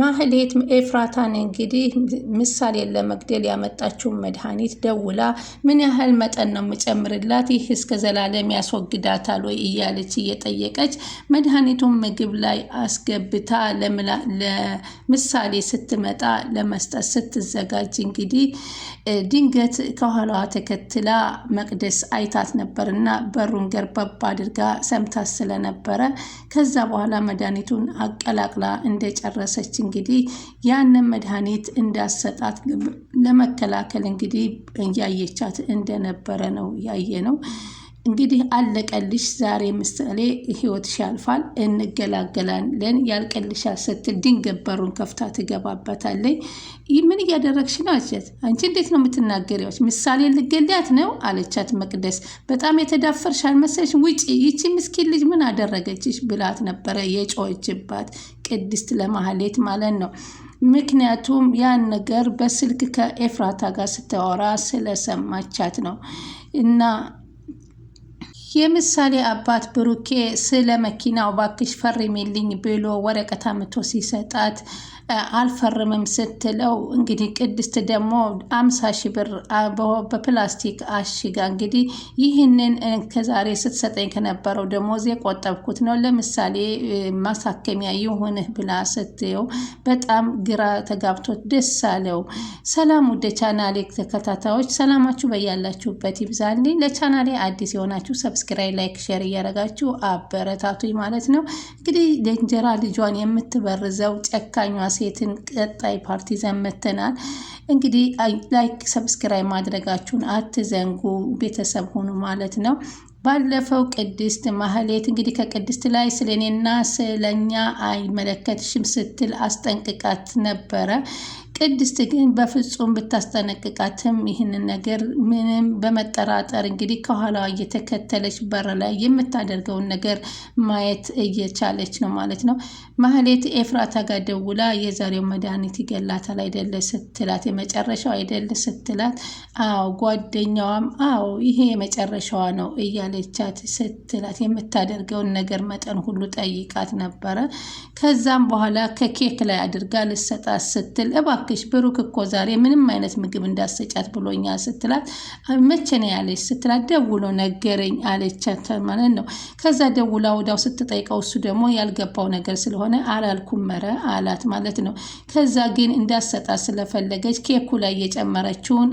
ማህሌት ኤፍራታን እንግዲህ ምሳሌን ለመግደል ያመጣችውን መድኃኒት ደውላ ምን ያህል መጠን ነው የምጨምርላት ይህ እስከ ዘላለም ያስወግዳታል ወይ እያለች እየጠየቀች መድኃኒቱን ምግብ ላይ አስገብታ ለምሳሌ ስትመጣ ለመስጠት ስትዘጋጅ እንግዲህ ድንገት ከኋላዋ ተከትላ መቅደስ አይታት ነበር በሩን ገርበብ አድርጋ ሰምታት ስለነበረ ከዛ በኋላ መድኃኒቱን አቀላቅላ እንደ ስለጨረሰች እንግዲህ ያንን መድኃኒት እንዳሰጣት ለመከላከል እንግዲህ እያየቻት እንደነበረ ነው ያየ ነው። እንግዲህ አለቀልሽ፣ ዛሬ ምሳሌ ህይወትሽ ያልፋል፣ እንገላገላለን፣ ያልቀልሻል ስትል ድንገበሩን ከፍታ ትገባበታለች። ምን እያደረግሽ ነው አለቻት። አንቺ እንዴት ነው የምትናገሪዎች? ምሳሌ ልገልያት ነው አለቻት። መቅደስ በጣም የተዳፈርሽ አልመሰልሽ፣ ውጪ፣ ይቺ ምስኪን ልጅ ምን አደረገችሽ? ብላት ነበረ የጮችባት ቅድስት ለማህሌት ማለት ነው። ምክንያቱም ያን ነገር በስልክ ከኤፍራታ ጋር ስታወራ ስለሰማቻት ነው እና የምሳሌ አባት ብሩኬ ስለ መኪናው ባክሽ ፈርሚልኝ ብሎ ወረቀት አምቶ ሲሰጣት አልፈርምም ስትለው እንግዲህ ቅድስት ደግሞ አምሳ ሺ ብር በፕላስቲክ አሽጋ እንግዲህ ይህንን ከዛሬ ስትሰጠኝ ከነበረው ደሞዝ የቆጠብኩት ነው ለምሳሌ ማሳከሚያ የሆንህ ብላ ስትየው በጣም ግራ ተጋብቶት ደስ አለው። ሰላም ወደ ቻናሌ ተከታታዮች ሰላማችሁ በያላችሁበት ይብዛል። ለቻናሌ አዲስ የሆናችሁ ሰብስክራይብ፣ ላይክ፣ ሼር እያደረጋችሁ አበረታቱኝ ማለት ነው። እንግዲህ ለእንጀራ ልጇን የምትበርዘው ጨካኟ ሴትን ቀጣይ ፓርቲ ዘመተናል እንግዲህ ላይክ፣ ሰብስክራይብ ማድረጋችሁን አትዘንጉ፣ ቤተሰብ ሁኑ ማለት ነው። ባለፈው ቅድስት ማህሌት እንግዲህ ከቅድስት ላይ ስለ እኔና ስለኛ አይመለከትሽም ስትል አስጠንቅቃት ነበረ። ቅድስት ግን በፍጹም ብታስጠነቅቃትም ይህንን ነገር ምንም በመጠራጠር እንግዲህ ከኋላዋ እየተከተለች በር ላይ የምታደርገውን ነገር ማየት እየቻለች ነው ማለት ነው። ማህሌት ኤፍራታ ጋር ደውላ የዛሬው መድኃኒት ይገላታል አይደለ ስትላት፣ የመጨረሻው አይደለ ስትላት፣ አዎ ጓደኛዋም አዎ ይሄ የመጨረሻዋ ነው እያለቻት ስትላት የምታደርገውን ነገር መጠን ሁሉ ጠይቃት ነበረ። ከዛም በኋላ ከኬክ ላይ አድርጋ ልሰጣት ስትል እባ እባክሽ ብሩክ እኮ ዛሬ ምንም አይነት ምግብ እንዳሰጫት ብሎኛል ስትላት መቼ ነው ያለች ስትላት ደውሎ ነገረኝ አለቻት ማለት ነው። ከዛ ደውላ ወዳው ስትጠይቀው እሱ ደግሞ ያልገባው ነገር ስለሆነ አላልኩም መረ አላት ማለት ነው። ከዛ ግን እንዳሰጣት ስለፈለገች ኬኩ ላይ የጨመረችውን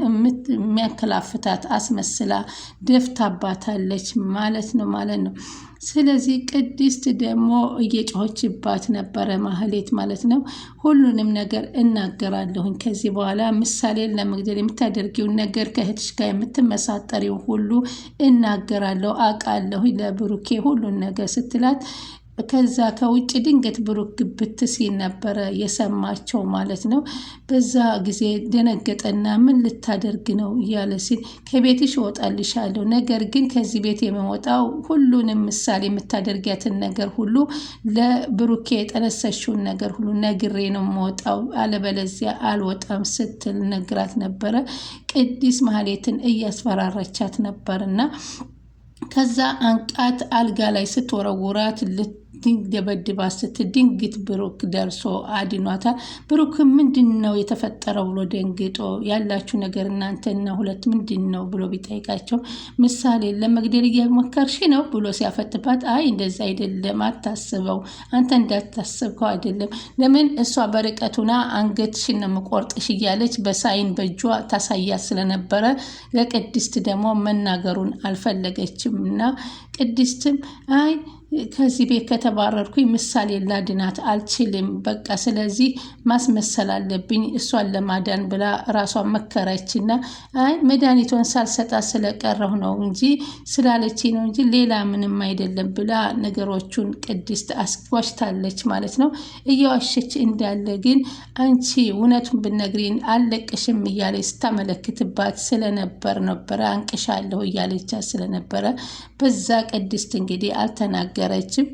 የሚያከላፍታት አስመስላ ደፍታባታለች ማለት ነው ማለት ነው። ስለዚህ ቅድስት ደግሞ እየጮኸችባት ነበረ ማህሌት ማለት ነው። ሁሉንም ነገር እናገራለሁኝ ከዚህ በኋላ ምሳሌን ለመግደል የምታደርጊውን ነገር ከእህትሽ ጋር የምትመሳጠሪው ሁሉ እናገራለሁ አውቃለሁኝ ለብሩኬ ሁሉን ነገር ስትላት ከዛ ከውጭ ድንገት ብሩክ ግብት ሲል ነበረ የሰማቸው ማለት ነው። በዛ ጊዜ ደነገጠና ምን ልታደርግ ነው እያለ ሲል ከቤትሽ እወጣልሻለሁ፣ ነገር ግን ከዚህ ቤት የምወጣው ሁሉንም ምሳሌ የምታደርጊያትን ነገር ሁሉ ለብሩኬ የጠነሰሽውን ነገር ሁሉ ነግሬ ነው የምወጣው፣ አለበለዚያ አልወጣም ስትል ነግራት ነበረ። ቅዲስ ማህሌትን እያስፈራራቻት ነበርና ከዛ አንቃት አልጋ ላይ ስትወረውራት ልት ድንደበድባት ስትድንግት ድንግት ብሩክ ደርሶ አድኗታል። ብሩክ ምንድን ነው የተፈጠረው ብሎ ደንግጦ ያላችሁ ነገር እናንተና ሁለት ምንድን ነው ብሎ ቢጠይቃቸው ምሳሌ ለመግደል እየሞከርሽ ነው ብሎ ሲያፈጥባት አይ እንደዛ አይደለም አታስበው፣ አንተ እንዳታስብከው አይደለም። ለምን እሷ በርቀቱና አንገትሽን ነው የምቆርጥሽ እያለች በሳይን በእጇ ታሳያት ስለነበረ ለቅድስት ደግሞ መናገሩን አልፈለገችም እና ቅድስትም አይ ከዚህ ቤት ከተባረርኩኝ ምሳሌ ላድናት አልችልም። በቃ ስለዚህ ማስመሰል አለብኝ እሷን ለማዳን ብላ ራሷን መከረች አይ መድኃኒቷን ሳልሰጣት ስለቀረሁ ነው እንጂ ስላለች ነው እንጂ ሌላ ምንም አይደለም ብላ ነገሮቹን ቅድስት አስዋሽታለች ማለት ነው። እየዋሸች እንዳለ ግን አንቺ እውነቱን ብነግሪን አለቅሽም እያለች ስታመለክትባት ስለነበር ነበረ አንቅሻለሁ እያለቻት ስለነበረ በዛ ቅድስት እንግዲህ አልተናገ ነገረችም።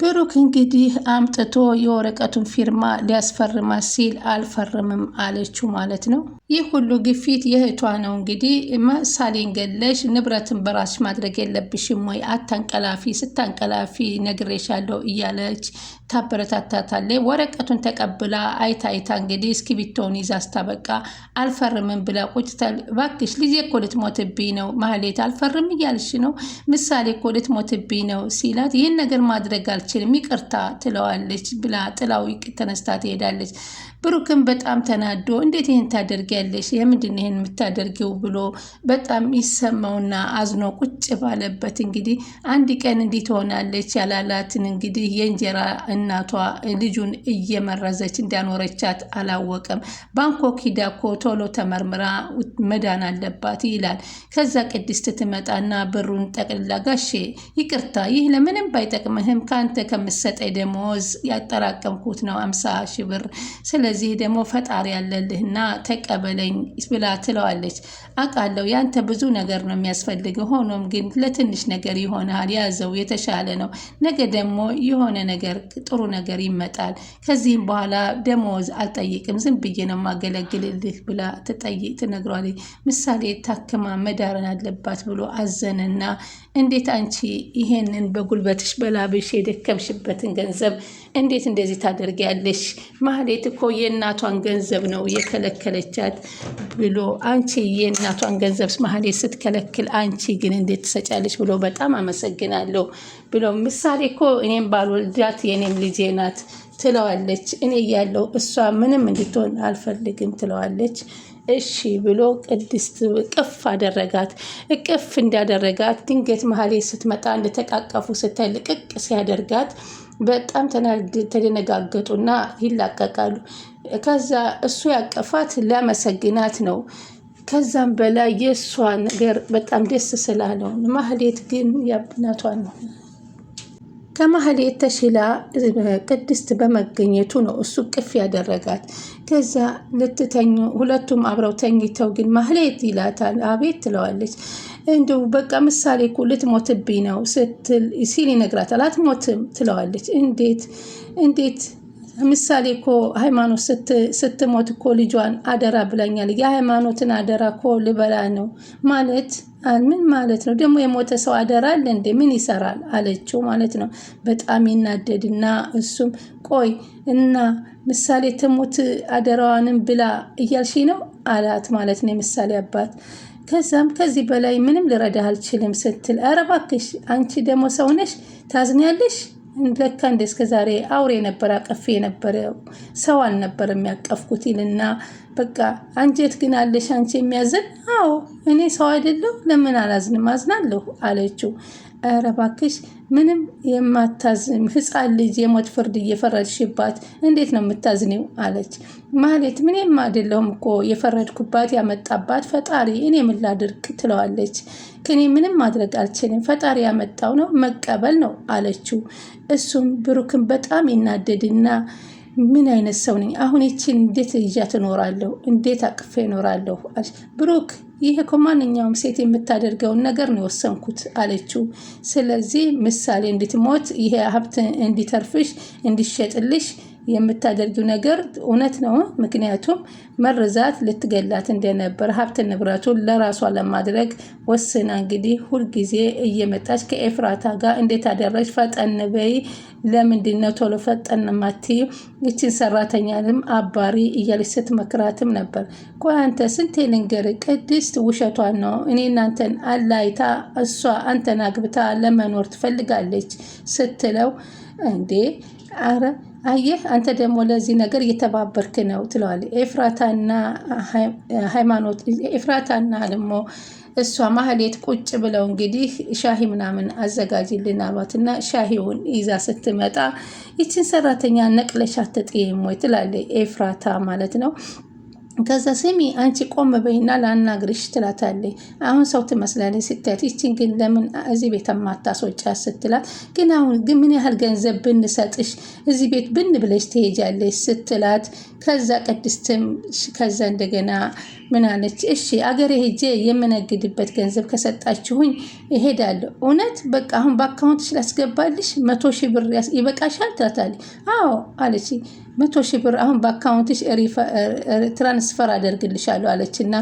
ብሩክ እንግዲህ አምጥቶ የወረቀቱን ፊርማ ሊያስፈርማ ሲል አልፈርምም አለችው ማለት ነው። ይህ ሁሉ ግፊት የእህቷ ነው። እንግዲህ መሳሌን ገለሽ ንብረትን በራስሽ ማድረግ የለብሽም ወይ? አታንቀላፊ፣ ስታንቀላፊ ነግሬሻለሁ እያለች ታበረታታታለች። ወረቀቱን ተቀብላ አይታ አይታ እንግዲህ እስክሪብቶውን ይዛ ስታበቃ አልፈርምም ብላ ቁጭታል። እባክሽ ልጄ እኮ ልትሞትብኝ ነው ማህሌት፣ አልፈርም እያልሽ ነው? ምሳሌ እኮ ልትሞትብኝ ነው ሲላት ይህን ነገር ማድረግ አልችልም ይቅርታ ትለዋለች ብላ ጥላው ተነስታ ትሄዳለች። ብሩክም በጣም ተናዶ እንዴት ይህን ታደርጊያለሽ? የምንድን ይህን የምታደርጊው? ብሎ በጣም ይሰማውና አዝኖ ቁጭ ባለበት እንግዲህ አንድ ቀን እንዲህ ትሆናለች ያላላትን እንግዲህ የእንጀራ እናቷ ልጁን እየመረዘች እንዳኖረቻት አላወቀም። ባንኮክ ሂዳ እኮ ቶሎ ተመርምራ መዳን አለባት ይላል። ከዛ ቅድስት ትመጣና ብሩን ጠቅልላ ጋሼ ይቅርታ፣ ይህ ለምንም ባይጠቅምህም ከአንተ ከምሰጠ ደሞዝ ያጠራቀምኩት ነው አምሳ ሺህ ብር ስለ ስለዚህ ደግሞ ፈጣሪ ያለልህና ተቀበለኝ ብላ ትለዋለች። አቃለው ያንተ ብዙ ነገር ነው የሚያስፈልግ። ሆኖም ግን ለትንሽ ነገር ይሆናል፣ ያዘው የተሻለ ነው። ነገ ደግሞ የሆነ ነገር ጥሩ ነገር ይመጣል። ከዚህም በኋላ ደሞዝ አልጠይቅም፣ ዝም ብዬ ነው ማገለግልልህ ብላ ትጠይቅ ትነግሯለች። ምሳሌ ታክማ መዳረን አለባት ብሎ አዘነና እንዴት አንቺ ይሄንን በጉልበትሽ በላብሽ የደከምሽበትን ገንዘብ እንዴት እንደዚህ ታደርጊያለሽ? ማህሌት እኮ የእናቷን ገንዘብ ነው የከለከለቻት ብሎ አንቺ የእናቷን ገንዘብ መሀሌ ስትከለክል አንቺ ግን እንዴት ትሰጫለች ብሎ በጣም አመሰግናለሁ ብሎ ምሳሌ እኮ እኔም ባልወልዳት የኔም ልጄ ናት ትለዋለች። እኔ እያለሁ እሷ ምንም እንድትሆን አልፈልግም ትለዋለች። እሺ ብሎ ቅድስት እቅፍ አደረጋት። እቅፍ እንዳደረጋት ድንገት መሀሌ ስትመጣ እንደተቃቀፉ ስታይ ልቅቅ ሲያደርጋት በጣም ተደነጋገጡና ይላቀቃሉ። ከዛ እሱ ያቀፋት ለመሰግናት ነው። ከዛም በላይ የእሷ ነገር በጣም ደስ ስላለው ማህሌት ግን ያብናቷን ነው ከማህሌት ተሽላ ቅድስት በመገኘቱ ነው እሱ ቅፍ ያደረጋት። ከዛ ልትተኙ ሁለቱም አብረው ተኝተው ግን ማህሌት ይላታል። አቤት ትለዋለች። እንዲሁ በቃ ምሳሌ እኮ ልትሞትብኝ ነው ስትል ሲል ይነግራታል። አትሞትም ትለዋለች። እንዴት እንዴት ምሳሌ እኮ ሃይማኖት ስትሞት እኮ ልጇን አደራ ብላኛል። የሃይማኖትን አደራ እኮ ልበላ ነው ማለት ምን ማለት ነው ደግሞ? የሞተ ሰው አደራ አለ እንዴ? ምን ይሰራል አለችው ማለት ነው። በጣም ይናደድና እሱም ቆይ እና ምሳሌ ትሙት አደራዋንም ብላ እያልሽ ነው አላት ማለት ነው የምሳሌ አባት። ከዛም ከዚህ በላይ ምንም ልረዳ አልችልም ስትል ኧረ እባክሽ አንቺ ደግሞ ሰውነሽ ታዝኛለሽ ለካ እንደ እስከ ዛሬ አውሬ ነበር አቀፌ የነበረ ሰው አልነበር የሚያቀፍኩት ይልና በቃ አንጀት ግን አለሽ አንቺ የሚያዝን አዎ እኔ ሰው አይደለሁ ለምን አላዝንም አዝናለሁ አለችው ኧረ እባክሽ ምንም የማታዝን ህፃን ልጅ የሞት ፍርድ እየፈረድሽባት እንዴት ነው የምታዝኔው? አለች ማለት ምንም አይደለሁም እኮ የፈረድኩባት ያመጣባት ፈጣሪ፣ እኔ ምን ላድርግ ትለዋለች። ከኔ ምንም ማድረግ አልችልም፣ ፈጣሪ ያመጣው ነው መቀበል ነው አለችው። እሱም ብሩክን በጣም ይናደድና ምን አይነት ሰው ነኝ አሁን? ይችን እንዴት እያ ትኖራለሁ? እንዴት አቅፌ እኖራለሁ? ብሩክ ይህ እኮ ማንኛውም ሴት የምታደርገውን ነገር ነው የወሰንኩት አለችው። ስለዚህ ምሳሌ እንድትሞት ይሄ ሀብት እንዲተርፍሽ እንዲሸጥልሽ የምታደርጊው ነገር እውነት ነው። ምክንያቱም መርዛት ልትገላት እንደነበር ሀብት ንብረቱን ለራሷ ለማድረግ ወስና እንግዲህ ሁልጊዜ እየመጣች ከኤፍራታ ጋር እንዴት አደረች ፈጠን በይ፣ ለምንድነው ቶሎ ፈጠን ማቲ፣ ይችን ሰራተኛንም አባሪ እያለች ስትመክራትም ነበር። ቆይ አንተ ስንቴ ልንገር፣ ቅድስት ውሸቷን ነው። እኔ እናንተን አላይታ እሷ አንተን አግብታ ለመኖር ትፈልጋለች ስትለው እንዴ አረ አየህ አንተ ደግሞ ለዚህ ነገር እየተባበርክ ነው ትለዋል። ኤፍራታና ሃይማኖት ኤፍራታና ደግሞ እሷ ማህሌት ቁጭ ብለው እንግዲህ ሻሂ ምናምን አዘጋጅልን አሏት እና ሻሂውን ይዛ ስትመጣ ይችን ሰራተኛ ነቅለሻ አትጥይም ወይ ትላለች ኤፍራታ ማለት ነው። ከዛ ስሚ አንቺ ቆም በይና ላናግርሽ ትላታለች። አሁን ሰው ትመስላለች ስታያት ይችን ግን ለምን እዚህ ቤት ማታሶጫ ስትላት፣ ግን አሁን ግን ምን ያህል ገንዘብ ብንሰጥሽ እዚህ ቤት ብን ብለሽ ትሄጃለሽ ስትላት ከዛ ቅድስትም ከዛ እንደገና ምን አለች? እሺ አገሬ ሄጄ የምነግድበት ገንዘብ ከሰጣችሁኝ እሄዳለሁ። እውነት በቃ አሁን በአካውንት ስላስገባልሽ መቶ ሺ ብር ይበቃሻል ትላታለች። አዎ አለች። መቶ ሺ ብር አሁን በአካውንትሽ ትራንስፈር አደርግልሻለሁ አለች እና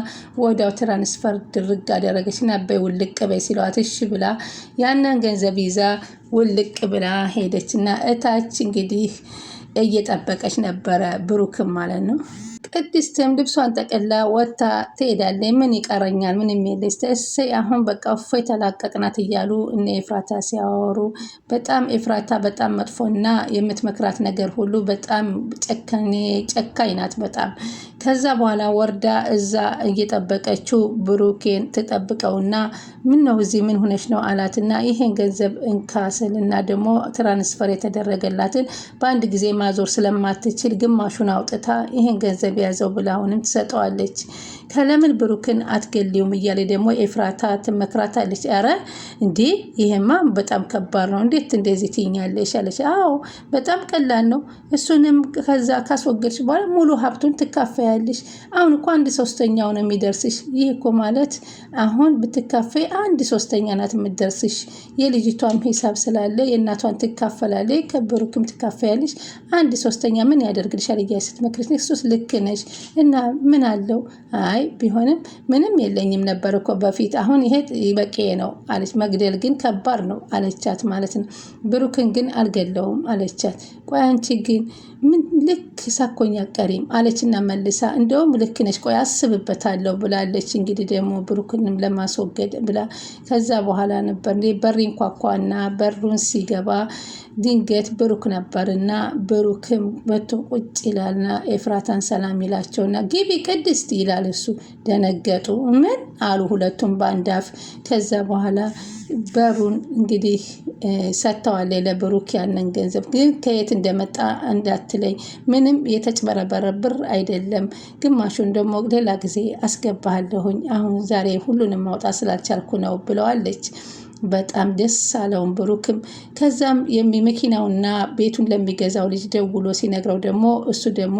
ወዲያው ትራንስፈር ድርግ አደረገች እና በይ ውልቅ በይ ሲለዋት እሺ ብላ ያንን ገንዘብ ይዛ ውልቅ ብላ ሄደች እና እታች እንግዲህ እየጠበቀች ነበረ፣ ብሩክም ማለት ነው። ቅድስትም ልብሷን ጠቅላ ወታ ትሄዳለች። ምን ይቀረኛል? ምን የሚልስ እሰይ፣ አሁን በቃ እፎይ የተላቀቅናት እያሉ እነ ኤፍራታ ሲያወሩ በጣም ኤፍራታ በጣም መጥፎና የምትመክራት ነገር ሁሉ በጣም ጨካኔ ጨካኝ ናት በጣም ከዛ በኋላ ወርዳ እዛ እየጠበቀችው ብሩኬን ትጠብቀውና ምን ነው እዚህ ምን ሆነች ነው አላትና ይሄን ገንዘብ እንካስልና ደግሞ ትራንስፈር የተደረገላትን በአንድ ጊዜ ማዞር ስለማትችል ግማሹን አውጥታ ይሄን ገንዘብ ያዘው ብላ አሁንም ትሰጠዋለች። ከለምን ብሩክን አትገሊውም እያለ ደግሞ ኤፍራታ ትመክራታለች። ኧረ እንዴ ይሄማ በጣም ከባድ ነው፣ እንዴት እንደዚህ ትይኛለሽ አለች። አዎ በጣም ቀላል ነው። እሱንም ከዛ ካስወገድሽ በኋላ ሙሉ ሀብቱን ትካፈያለሽ። አሁን እኮ አንድ ሶስተኛው ነው የሚደርስሽ። ይህ እኮ ማለት አሁን ብትካፈይ አንድ ሶስተኛ ናት የምትደርስሽ። የልጅቷም ሂሳብ ስላለ የእናቷን ትካፈላለች፣ ከብሩክም ትካፈያለሽ። አንድ ሶስተኛ ምን ያደርግልሻል እያለ ስትመክርሽ እሱስ ልክ ነሽ እና ምን አለው አይ አይ ቢሆንም ምንም የለኝም ነበር እኮ በፊት አሁን ይሄ በቂ ነው አለች። መግደል ግን ከባድ ነው አለቻት ማለት ነው። ብሩክን ግን አልገለውም አለቻት። ቆይ አንቺ ግን ልክ ሳኮኛ ቀሪም አለችና መልሳ እንደውም ልክ ነች፣ ቆይ አስብበታለሁ ብላለች። እንግዲህ ደግሞ ብሩክንም ለማስወገድ ብላ ከዛ በኋላ ነበር እንዴ በሪ በሩን ሲገባ ድንገት ብሩክ ነበርና ብሩክም መቶ ቁጭ ይላልና ኤፍራታን ሰላም ይላቸውና ግቢ ቅድስት ይላል እሱ። ደነገጡ። ምን አሉ ሁለቱም በአንዳፍ። ከዛ በኋላ በሩን እንግዲህ ሰጥተዋል ለብሩክ ያንን ገንዘብ ግን ከየት እንደመጣ እንዳት እንዳትለይ፣ ምንም የተጭበረበረ ብር አይደለም። ግማሹን ደግሞ ሌላ ጊዜ አስገባሃለሁኝ። አሁን ዛሬ ሁሉንም ማውጣት ስላልቻልኩ ነው ብለዋለች። በጣም ደስ አለውን ብሩክም። ከዛም የሚመኪናውና ቤቱን ለሚገዛው ልጅ ደውሎ ሲነግረው ደግሞ እሱ ደግሞ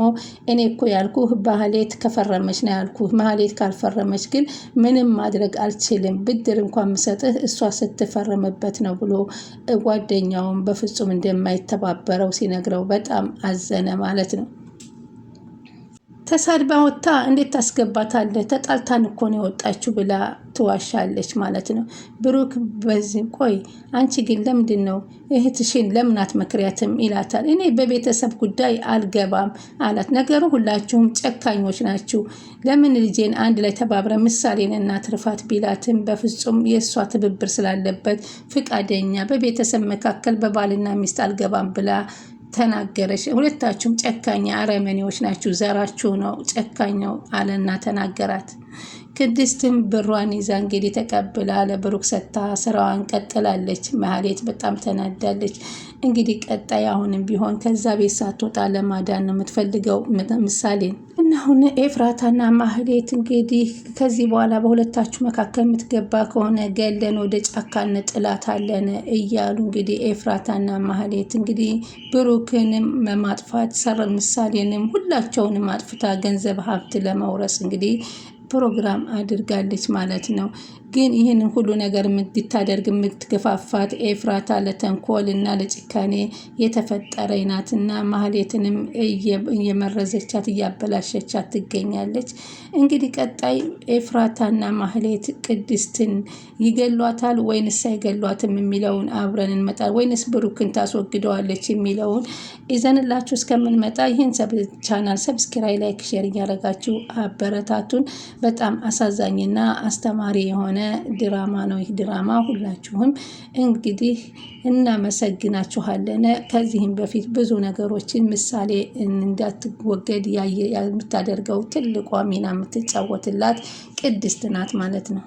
እኔ እኮ ያልኩህ ማህሌት ከፈረመች ነው ያልኩህ። ማህሌት ካልፈረመች ግን ምንም ማድረግ አልችልም፣ ብድር እንኳን ምሰጥህ እሷ ስትፈርምበት ነው ብሎ ጓደኛውን በፍጹም እንደማይተባበረው ሲነግረው በጣም አዘነ ማለት ነው። ተሳድባ ወጥታ እንዴት ታስገባታለ? ተጣልታን እኮ ነው የወጣችሁ ብላ ትዋሻለች ማለት ነው። ብሩክ በዚህ ቆይ፣ አንቺ ግን ለምንድን ነው እህትሽን ለምን አትመክሪያትም? ይላታል። እኔ በቤተሰብ ጉዳይ አልገባም አላት። ነገሩ ሁላችሁም ጨካኞች ናችሁ። ለምን ልጄን አንድ ላይ ተባብረ ምሳሌን እናትርፋት ቢላትም በፍጹም የእሷ ትብብር ስላለበት ፍቃደኛ፣ በቤተሰብ መካከል በባልና ሚስት አልገባም ብላ ተናገረች። ሁለታችሁም ጨካኛ አረመኔዎች ናችሁ፣ ዘራችሁ ነው ጨካኛው አለና ተናገራት። ቅድስትን ብሯን ይዛ እንግዲህ ተቀብላ ለብሩክ ሰታ ስራዋን ቀጥላለች። መሀሌት በጣም ተናዳለች። እንግዲህ ቀጣይ አሁንም ቢሆን ከዛ ቤት ሳትወጣ ለማዳን ነው የምትፈልገው ምሳሌን እና አሁን ኤፍራታና ማህሌት እንግዲህ ከዚህ በኋላ በሁለታችሁ መካከል የምትገባ ከሆነ ገለን ወደ ጫካነ ጥላት አለን እያሉ እንግዲህ ኤፍራታና ማህሌት እንግዲህ ብሩክንም ማጥፋት ሰር ምሳሌንም ሁላቸውንም አጥፍታ ገንዘብ ሀብት ለመውረስ እንግዲህ ፕሮግራም አድርጋለች ማለት ነው ግን ይህንን ሁሉ ነገር እንድታደርግ የምትገፋፋት ኤፍራታ ለተንኮል እና ለጭካኔ የተፈጠረ ናትና ማህሌትንም እየመረዘቻት እያበላሸቻት ትገኛለች። እንግዲህ ቀጣይ ኤፍራታና ማህሌት ቅድስትን ይገሏታል ወይንስ አይገሏትም የሚለውን አብረን እንመጣል ወይንስ ብሩክን ታስወግደዋለች የሚለውን ይዘንላችሁ እስከምንመጣ ይህን ቻናል ሰብስክራይ፣ ላይክ፣ ሼር እያደረጋችሁ አበረታቱን። በጣም አሳዛኝና አስተማሪ የሆነ የሆነ ድራማ ነው። ይህ ድራማ ሁላችሁም እንግዲህ እናመሰግናችኋለን። ከዚህም በፊት ብዙ ነገሮችን ምሳሌ እንዳትወገድ የምታደርገው ትልቋ ሚና የምትጫወትላት ቅድስት ናት ማለት ነው።